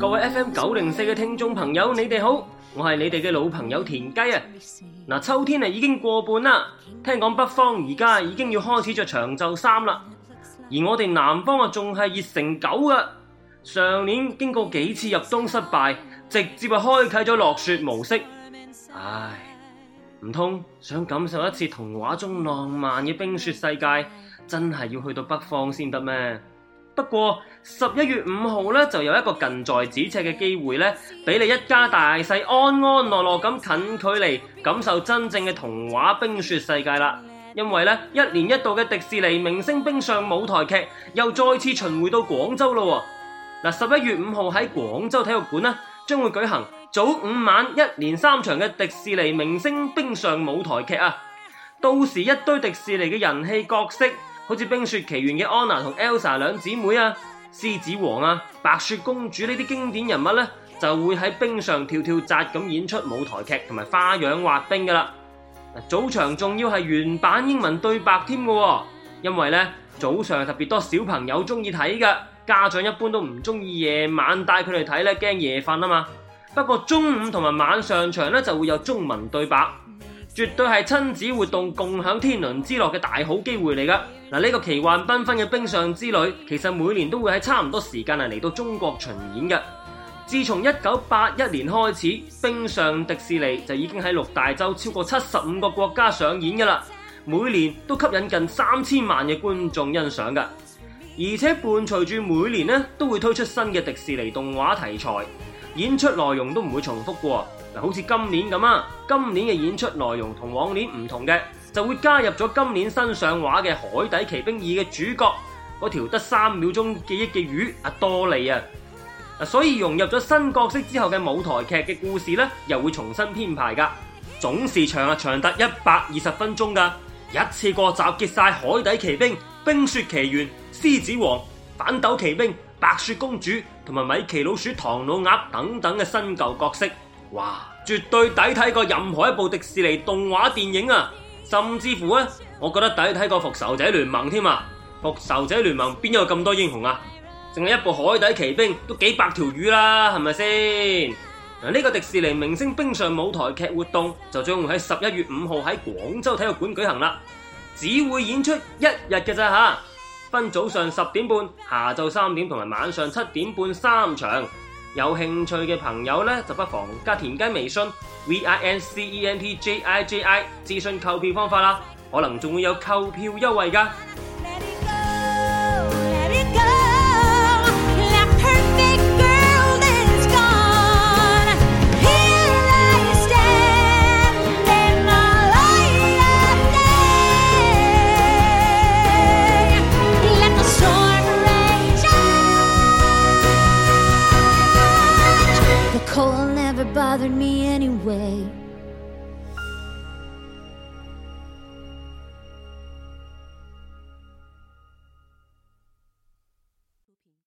各位 FM 九零四嘅聽眾朋友，你哋好，我係你哋嘅老朋友田雞啊！嗱，秋天啊已經過半啦，聽講北方而家已經要開始着長袖衫啦，而我哋南方啊仲係熱成狗啊！上年經過幾次入冬失敗，直接啊開啟咗落雪模式，唉，唔通想感受一次童話中浪漫嘅冰雪世界，真係要去到北方先得咩？不過十一月五號咧，就有一個近在咫尺嘅機會咧，俾你一家大細安安樂樂咁近距離感受真正嘅童話冰雪世界啦！因為呢，一年一度嘅迪士尼明星冰上舞台劇又再次巡迴到廣州啦哦！嗱，十一月五號喺廣州體育館呢，將會舉行早、午、晚一連三場嘅迪士尼明星冰上舞台劇啊！到時一堆迪士尼嘅人氣角色。好似《冰雪奇緣》嘅 Anna 同 Elsa 兩姊妹啊，獅子王啊，白雪公主呢啲經典人物呢，就會喺冰上跳跳扎咁演出舞台劇同埋花樣滑冰噶啦。早場仲要係原版英文對白添嘅，因為呢早上特別多小朋友中意睇嘅，家長一般都唔中意夜晚帶佢哋睇呢驚夜瞓啊嘛。不過中午同埋晚上場呢，就會有中文對白。絕對係親子活動，共享天倫之樂嘅大好機會嚟噶。嗱，呢個奇幻繽紛嘅冰上之旅，其實每年都會喺差唔多時間嚟到中國巡演嘅。自從一九八一年開始，冰上迪士尼就已經喺六大洲超過七十五個國家上演噶啦，每年都吸引近三千萬嘅觀眾欣賞噶，而且伴隨住每年咧都會推出新嘅迪士尼動畫題材。演出內容都唔會重複嘅，好似今年咁啊，今年嘅演出內容同往年唔同嘅，就會加入咗今年新上畫嘅《海底奇兵二》嘅主角嗰條得三秒鐘記憶嘅魚阿多利啊，所以融入咗新角色之後嘅舞台劇嘅故事呢，又會重新編排㗎，總時長啊長達一百二十分鐘㗎，一次過集結晒《海底奇兵》《冰雪奇緣》《獅子王》。反斗奇兵、白雪公主同埋米奇老鼠、唐老鴨等等嘅新舊角色，哇，絕對抵睇過任何一部迪士尼動畫電影啊！甚至乎咧，我覺得抵睇過復仇者聯盟添啊！復仇者聯盟邊有咁多英雄啊？淨係一部海底奇兵都幾百條魚啦，係咪先？嗱、啊，呢、這個迪士尼明星冰上舞台劇活動就將會喺十一月五號喺廣州體育館舉行啦，只會演出一日嘅咋吓。分早上十點半、下晝三點同埋晚上七點半三場，有興趣嘅朋友呢，就不妨加田雞微信 v i n c e n t j i j i 諮詢購票方法啦，可能仲會有購票優惠㗎。